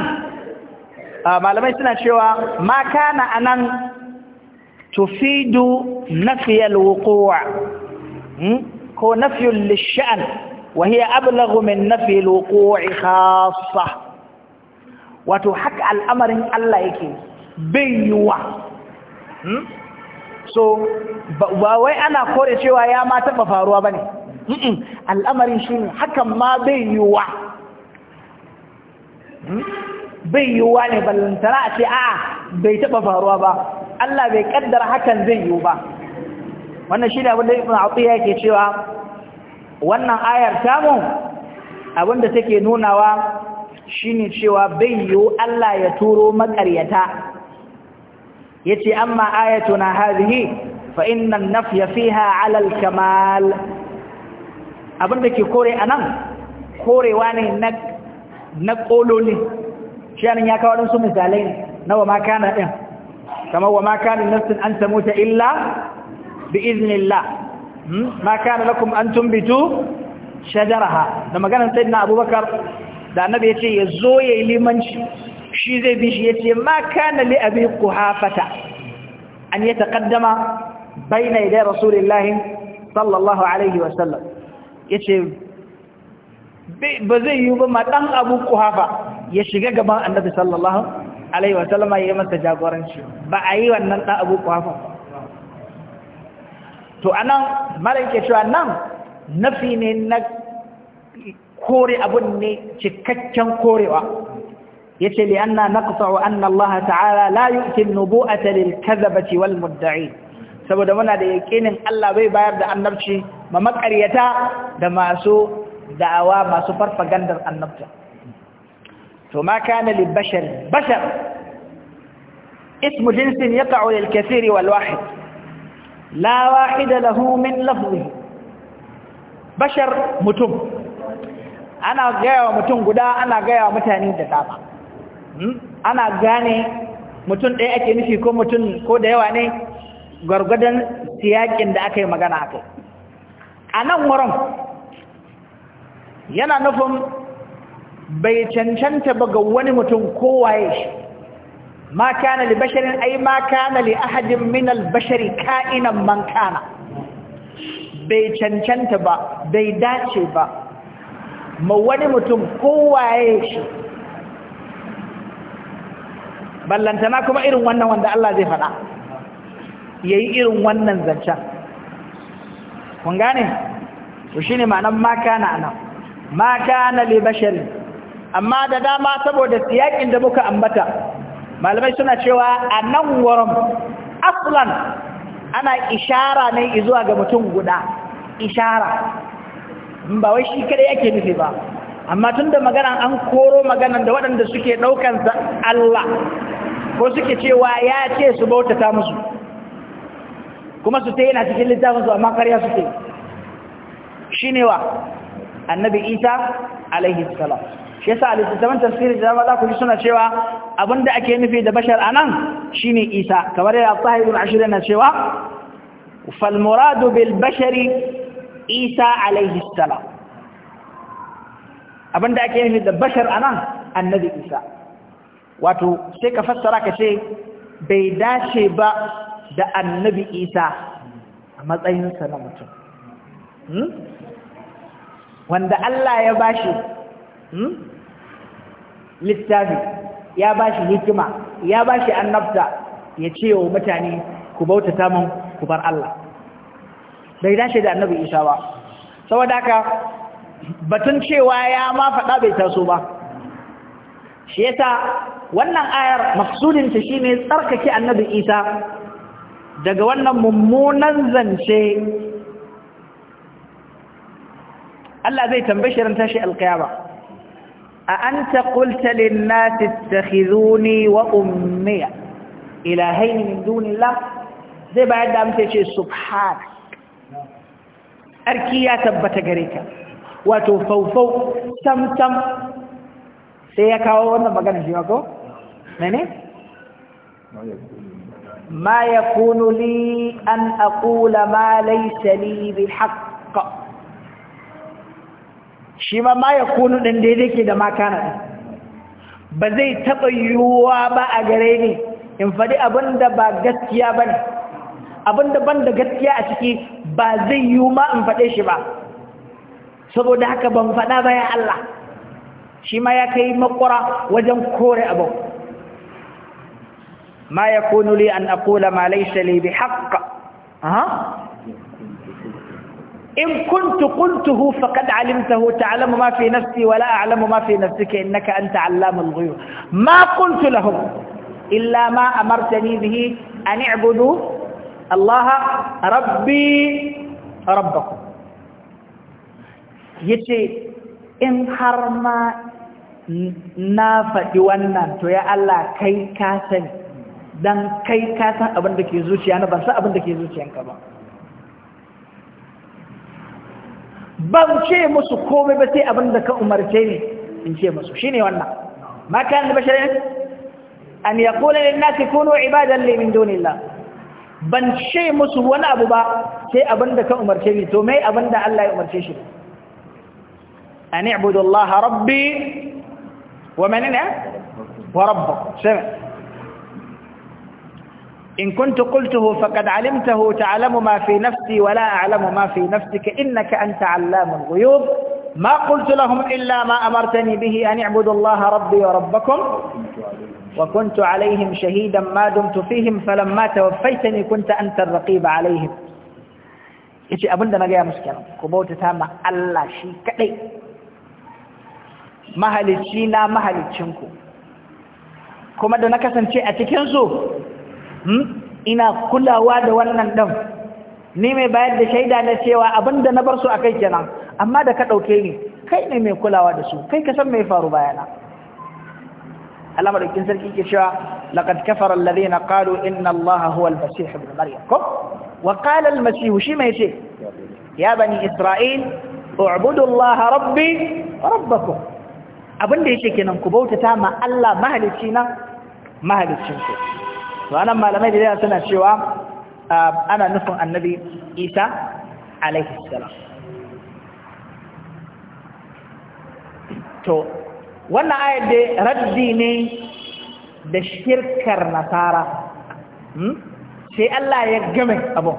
malamai suna cewa ma kana anan tufidu nafiyal wuqu' ko nafi lishan wa hiya ablaghu min nafiyil wuqu' khassa wato haka al'amarin Allah yake bai yiwa hmm? so ba wai ana kore cewa ya ma taɓa faruwa ba ne al'amarin shi ne hakan ma bai yiwa hmm? bai ne ballantana a ce a'a bai taɓa faruwa ba Allah bai kaddara hakan zai yiwu ba wannan shi ne abinda ibn atiyya yake cewa wannan ayar tamu abinda take nunawa shine cewa bai yiwu Allah ya turo makaryata yace amma ayatuna hadhihi fa inna an-nafya fiha 'ala al-kamal da ke kore anan korewa ne na na kololi shi anan ya kawo su misalai ne na wa ma kana din Kamar wa ma kana nafsin an tamuta illa bi iznillah hmm? ma kana lakum an tumbitu shajaraha da maganar sayyidina abubakar da annabi yace yazo yayi limanci shi zai bi shi ce ma kana li ku hafata an ta yataqaddama bayna yaday rasulillahi sallallahu alaihi wasallam ce ba zai yi ba ma dan abu ku hafa ya shiga gaban annabi sallallahu alaihi wasallam ya masa jagoranci ba a yi wannan dan abu ku hafa to a anan malaka cewa nan nafi ne na kore abun ne cikakken korewa يتي لأننا نقطع أن الله تعالى لا يؤتي النبوءة للكذبة والمدعين سبو دمنا دا يكينن الله بي باير دا النبشي ممكر يتا دا ما سو دعوا ما سو فرفقندر النبتا فما كان للبشر بشر اسم جنس يقع للكثير والواحد لا واحد له من لفظه بشر متم أنا غير متم قداء أنا غير متانين دا دابا ana gane mutum ɗaya ake nufi ko mutum ko da yawa ne gwargwadon siyakin da aka yi magana aka a nan wurin yana nufin bai cancanta ba ga wani mutum kowaye shi ma kana li basharin ai ma kana li ahadin min albashari ka'inan man kana bai cancanta ba bai dace ba ma wani mutum kowaye shi ballantana kuma irin wannan wanda Allah zai faɗa ya yi irin wannan zancen kun gane to shi ne ma'anar maka na nan maka na libashari amma da dama saboda siyakin da muka ambata malamai suna cewa a nan wurin aslan ana ishara ne zuwa ga mutum guda ishara ba wai shi kada yake nufi ba amma tunda da maganan an koro maganan da waɗanda suke ɗaukansa Allah ko suke cewa ya ce su bautata musu kuma su ta yana cikin littafinsu amma karya suke shi ne wa annabi isa alaihi salam shi yasa a littattafan tafsirin da za ku ji suna cewa abinda ake nufi da bashar a nan shi ne isa kamar yadda tahirun ashirin na cewa falmuradu bil bashari isa alaihi salam abinda ake nufi da bashar nan annabi isa wato sai ka fassara ka ce bai dace ba da annabi isa a matsayinsa na mutum hmm? wanda Allah ya bashi hmm? littafi ya bashi hikima ya bashi annabta ya ce wa mutane ku bautata min ku bar Allah bai dace da annabi isa ba saboda haka batun cewa ya ma faɗa bai taso ba shi yasa wannan ayar maksudinta shine tsarkake annabi isa daga wannan mummunan zance Allah zai tambaye shi ran tashi alkiyama a anta qulta lin nas ittakhizuni wa ummi ilahayn min dunillah zai bayar da amsa ce subhan arki ya tabbata gare ka wato faufau sam sam sai ya kawo wannan magana shi ko mene ma yakunu li an aqula ma laysa li bihaqq shi ma ma kunu din da yake da makana ba zai taba yuwa ba a gare ni in fadi abinda ba gaskiya bane abinda ban da gaskiya a ciki ba zai yiwu ma in fade shi ba saboda haka ban faɗa ba ya Allah shi ma ya kai makura wajen kore abu ما يكون لي أن أقول ما ليس لي بحق ها؟ إن كنت قلته فقد علمته تعلم ما في نفسي ولا أعلم ما في نفسك إنك أنت علام الغيوب ما قلت لهم إلا ما أمرتني به أن اعبدوا الله ربي ربكم يتي إن har ma na تو يا الله كي Allah dan kai ka san abin da ke zuciya na ban san abin da ke zuciyanka ba ban ce musu komai ba sai abin da ka umarce ni in ce musu shine wannan ma kan da bashirin an ne lin nas kunu ibadan li min dunillah ban ce musu wani abu ba sai abin da ka umarce ni to mai abin da Allah ya umarce shi an i'budu Allah rabbi wa mani ne? wa rabbukum إن كنت قلته فقد علمته تعلم ما في نفسي ولا أعلم ما في نفسك إنك أنت علام الغيوب ما قلت لهم إلا ما أمرتني به أن اعبدوا الله ربي وربكم وكنت عليهم شهيدا ما دمت فيهم فلما توفيتني كنت أنت الرقيب عليهم إيش abinda na يا مسكرا kenan ku ألا شيء كأي مهل الشينا مهل الشنكو كما دونك da na Hmm? ina kulawa da wannan ɗan ni mai bayar da shaida na cewa abinda na bar su a kai kenan amma da ka ɗauke ni kai ne mai kulawa da su kai ka san mai faru bayana Allah madaukin sarki ke cewa laqad kafara alladhina qalu inna allaha huwa al-masih ibn maryam ko wa qala al-masih shi mai ce ya bani isra'il u'budu allaha rabbi wa rabbakum abinda yake kenan ku bautata ma Allah mahalicci na mahalicin ku wannan malamai da yawa suna cewa ana nufin annabi isa alaihi salam to wannan ayar da raddi ne da shirkar nasara hmm? sai Allah ya game abin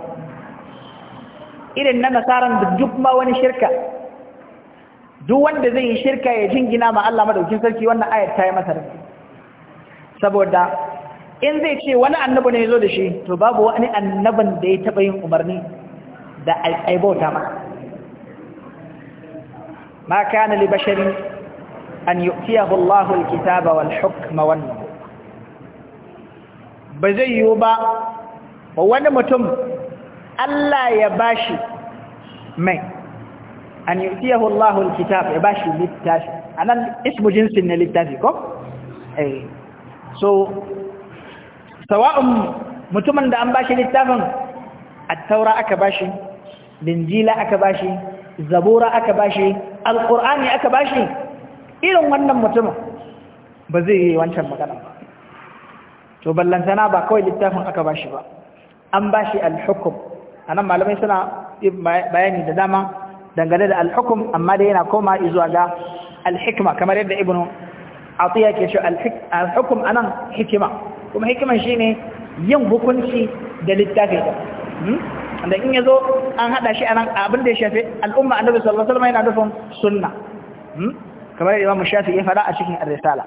irin na nasaran da duk ma wani shirka duk wanda zai yi shirka ya jingina ma Allah madaukin sarki wannan ayar ta yi masa saboda in zai ce wani annabi ne zo da shi to babu wani annaban da ya taɓa yin umarni da aibauta ma ma kana li basharin an yu'tiyahu Allahu al-kitaba wal hukma wannan. ba zai yiwu ba wani mutum Allah ya bashi mai an yu'tiyahu Allahu al-kitaba ya bashi littafi anan ismu jinsin na littafi ko eh so sawa'un mutumin da an bashi littafin at-taura aka bashi linjila aka bashi zabura aka bashi alqur'ani aka bashi irin wannan mutumin ba zai yi wancan magana ba to ballantana ba kawai littafin aka bashi ba an bashi al-hukm anan malamai suna bayani da dama dangane da al-hukm amma dai yana koma zuwa ga al-hikma kamar yadda ibnu atiya ke shi al-hukm anan hikima kuma hikiman ne yin hukunci da littafi hmm? da in zo an haɗa shi anan abin da ya shafi al'umma annabi sallallahu alaihi wasallam yana nufin sunna hmm? kamar mu shafi ya fara a cikin ar-risala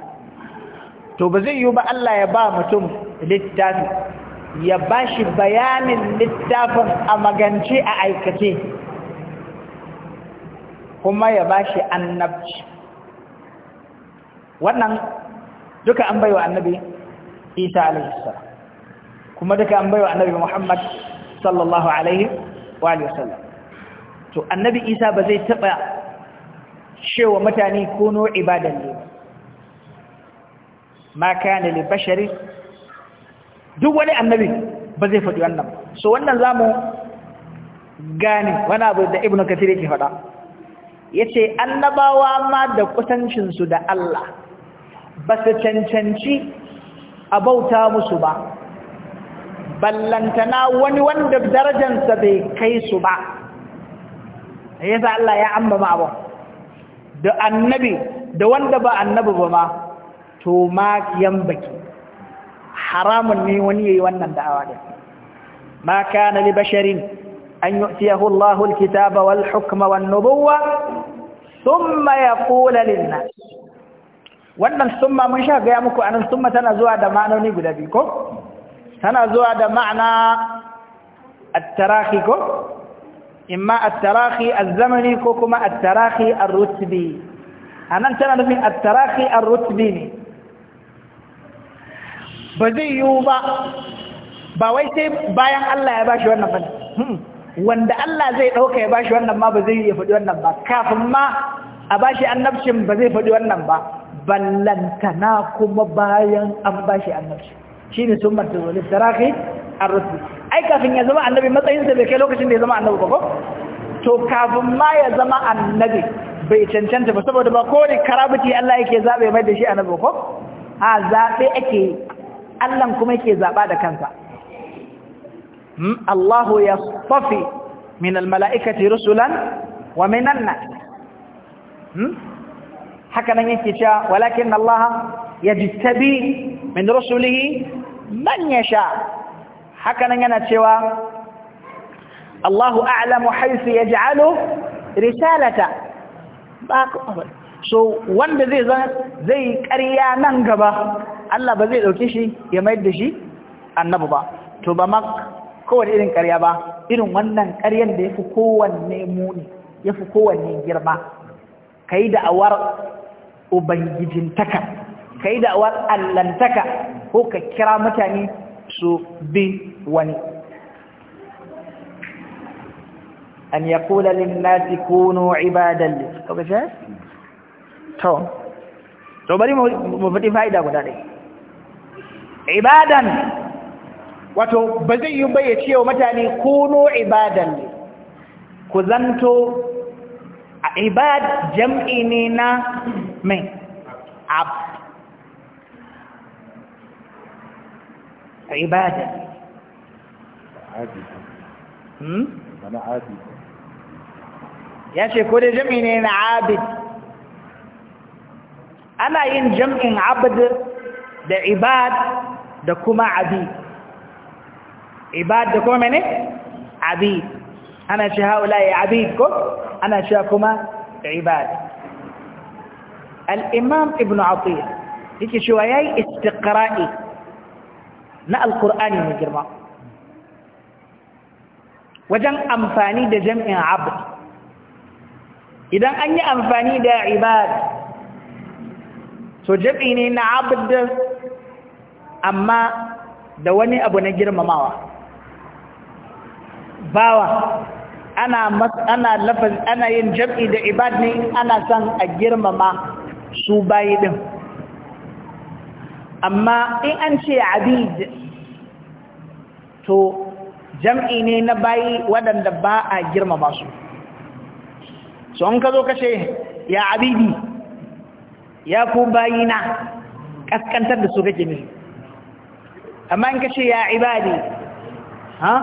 to ba zai yi ba Allah ya ba mutum littafi ya ba shi bayanin littafin a magance a aikace kuma ya ba shi annabci wannan duka an baiwa annabi isa alaihi salam kuma duka an baiwa annabi muhammad sallallahu alaihi wa alihi wasallam to annabi isa ba zai taba cewa mutane kuno ibadan ne ma kana li bashari duk wani annabi ba zai faɗi wannan so wannan zamu gane wani abu da ibnu kathir yake faɗa yace annabawa ma da kusancinsu da Allah ba su cancanci abauta musu ba ballantana wani wanda darajansa bai kai su ba yasa Allah ya amma ma abu da annabi da wanda ba annabi ba ma to ma yambaki haramun ne wani yayi wannan da'awa da ma kana li basharin an yu'tiyahu Allahu al-kitaba wal hukma wan nubuwwa thumma yaqulu lin-nas wannan summa mun sha gaya muku anan summa tana zuwa da ma'anoni guda biyu ko tana zuwa da ma'ana at-tarahi ko imma at-tarahi az-zamani ko kuma at-tarahi ar-rutbi anan tana nufin at-tarahi ar-rutbi ne ba zai yiwu ba ba wai sai bayan Allah ya bashi wannan ba hmm. wanda Allah zai dauka ya bashi wannan ma ba zai yi ya faɗi wannan ba kafin ma a bashi annabcin ba zai faɗi wannan ba ballantana kuma bayan an bashi annabci shine sunnah tawalli tarahi ar-rusul ai kafin ya zama annabi matsayinsa bai kai lokacin da ya zama annabi ba ko to kafin ma ya zama annabi bai cancanta ba saboda ba kowane karabuti Allah yake zaɓe mai da shi annabi ko ha zaɓe ake Allah kuma yake zaba da kansa hmm? Allahu yastafi min al-mala'ikati rusulan wa minan nas hmm? haka nan yake cewa walakin Allah jittabi min rusulihi man yasha haka nan yana cewa Allahu a'lamu haythu yaj'alu risalata so wanda zai zai ƙarya nan gaba Allah ba zai dauke shi ya mayar da shi annabi ba to ba ma kowane irin ƙarya ba irin wannan ƙaryan da yafi kowanne muni yafi kowanne girma kai da awar ubangijintaka ka yi da'awar allantaka ko ka kira mutane su bi wani an ya kula linnati kuno ibadan li ka bashe? to to bari mu faɗi fa'ida guda ɗai ibadan wato ba zai yi bai ce wa mutane kunu ibadan li ku zanto ibad jam'i ne na من عبد عبادة عبد أنا عبد يا شيخ كل جمعين عبد أنا إن جمع عبد لعباد دكما عبيد عباد دكما مني عبيد أنا شهؤلاء عبيدكم أنا كما عباد al'imam ibn atiyya yake cewa ya yi istiƙara'i na alƙur'ani mai girma wajen amfani da jam'in abu idan an yi amfani da ibad so jam'i ne na da amma da wani abu na girmamawa bawa ana ana ana yin jam'i da ibad ne ana son a girmama su bayi din amma in an ce abid to jam'i ne na bayi waɗanda ba a girmama su so an ka zo ka ya abidi ya ku na kaskantar da su kake ne amma in ka ce ya ibadi ha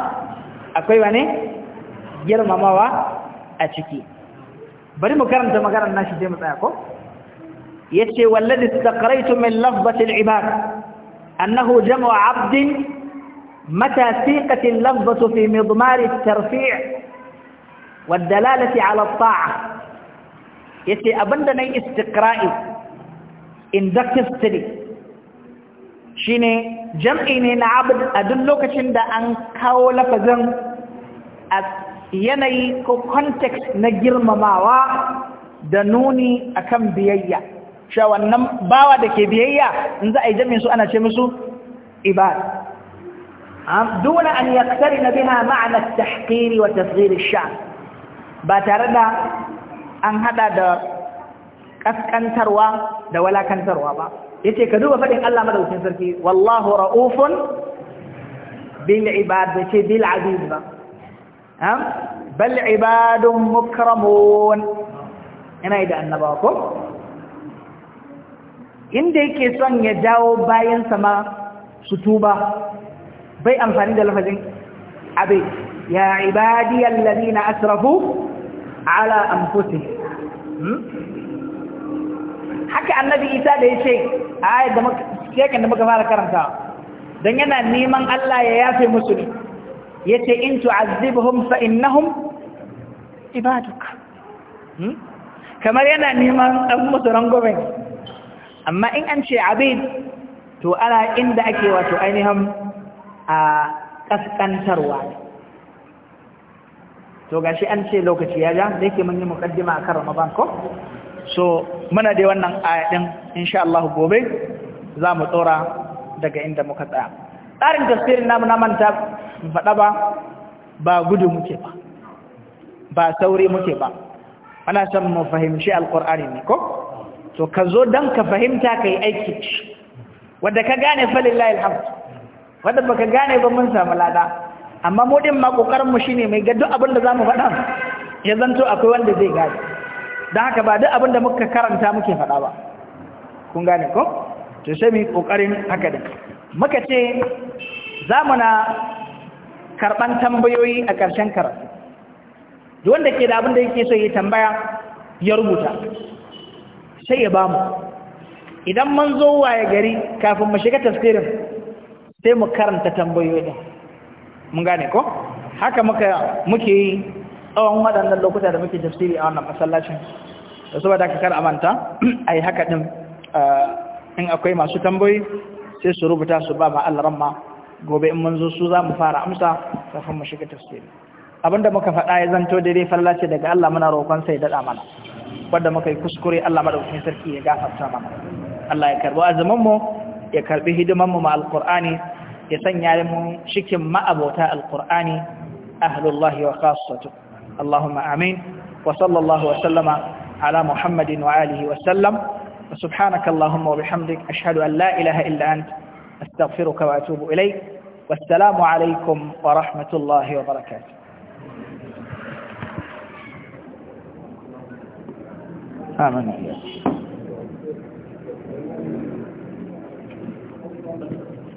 akwai wane girmamawa a ciki bari mu karanta maganar nashi dai mu tsaya ko yace wallazi istaqraitu min lafzati al-ibad annahu jam'u 'abdin mata siqati al-lafzatu fi midmar at-tarfi' wad-dalalati 'ala at-ta'ah yace abinda nan istiqra'i inductive study shine jam'i ne na abd a duk lokacin da an kawo lafazin a yanayi ko context na girmamawa da nuni akan biyayya sha wannan bawa da ke biyayya in za a yi jami'in su ana ce musu ibad duna an na biha ma'ana tahqiri wa tasghir ash ba tare da an hada da kaskantarwa da walakantarwa ba yace ka duba faɗin Allah madaukakin sarki wallahu raufun bil ibad ce bil abid ba bal ibadun mukramun ina da annabawa ko inda yake son ya jawo bayan sama su tuba bai amfani da lafazin abai ya ibadiyar lalina asrafu ala amfusi hmm? haka annabi isa da ya ce a ayat da shekin da muka fara karanta don yana neman Allah ya yafe musu ne ya ce in tu'azzibhum na innahum ibaduk hmm? kamar yana neman ɗan musu rangomen amma in an ce abid to ana inda ake wato ainihin a kaskantarwa to gashi an ce lokaci ya ja da yake mun yi mukaddima kan Ramadan ko so muna dai wannan aya din insha Allah gobe za mu tsora daga inda muka tsaya tsarin tafsirin namu na manta faɗa ba ba gudu muke ba ba sauri muke ba ana son mu fahimci alkur'ani ne ko to ka zo don ka fahimta ka yi aiki wadda ka gane falillahi alhamdu wadda ba ka gane ba mun samu lada amma mu ma kokarinmu shi ne mai ga duk abin da za mu faɗa ya zanto akwai wanda zai gane don haka ba duk abin da muka karanta muke faɗa ba kun gane ko to sai mai kokarin haka da muka ce za mu na karɓan tambayoyi a ƙarshen karatu wanda ke da abin da yake so ya tambaya ya rubuta sai ya bamu idan man zo waye gari kafin mu shiga tafsirin sai mu karanta tambayoyi mun gane ko haka muka muke yi tsawon waɗannan lokuta da muke tafsiri a wannan masallacin da ba da kar amanta yi haka ɗin eh, in akwai masu tambayi sai su rubuta su ba ma Allah gobe in mun zo su za mu fara amsa kafin mu shiga tafsiri abinda muka faɗa ya zanto daidai fallace daga Allah muna roƙon sai daɗa mana wadda muka yi kuskure Allah madaukakin sarki ya gafarta mana Allah ya karbi azumin mu ya karbi hidiman mu ma alqur'ani ya sanya mu ma ma'abota alqur'ani ahlullahi wa khassatu Allahumma amin wa sallallahu wa sallama ala Muhammadin wa alihi wa sallam subhanaka Allahumma wa bihamdik ashhadu an la ilaha illa ant astaghfiruka wa atubu ilayk wassalamu alaikum wa rahmatullahi wa barakatuh 看，没问题。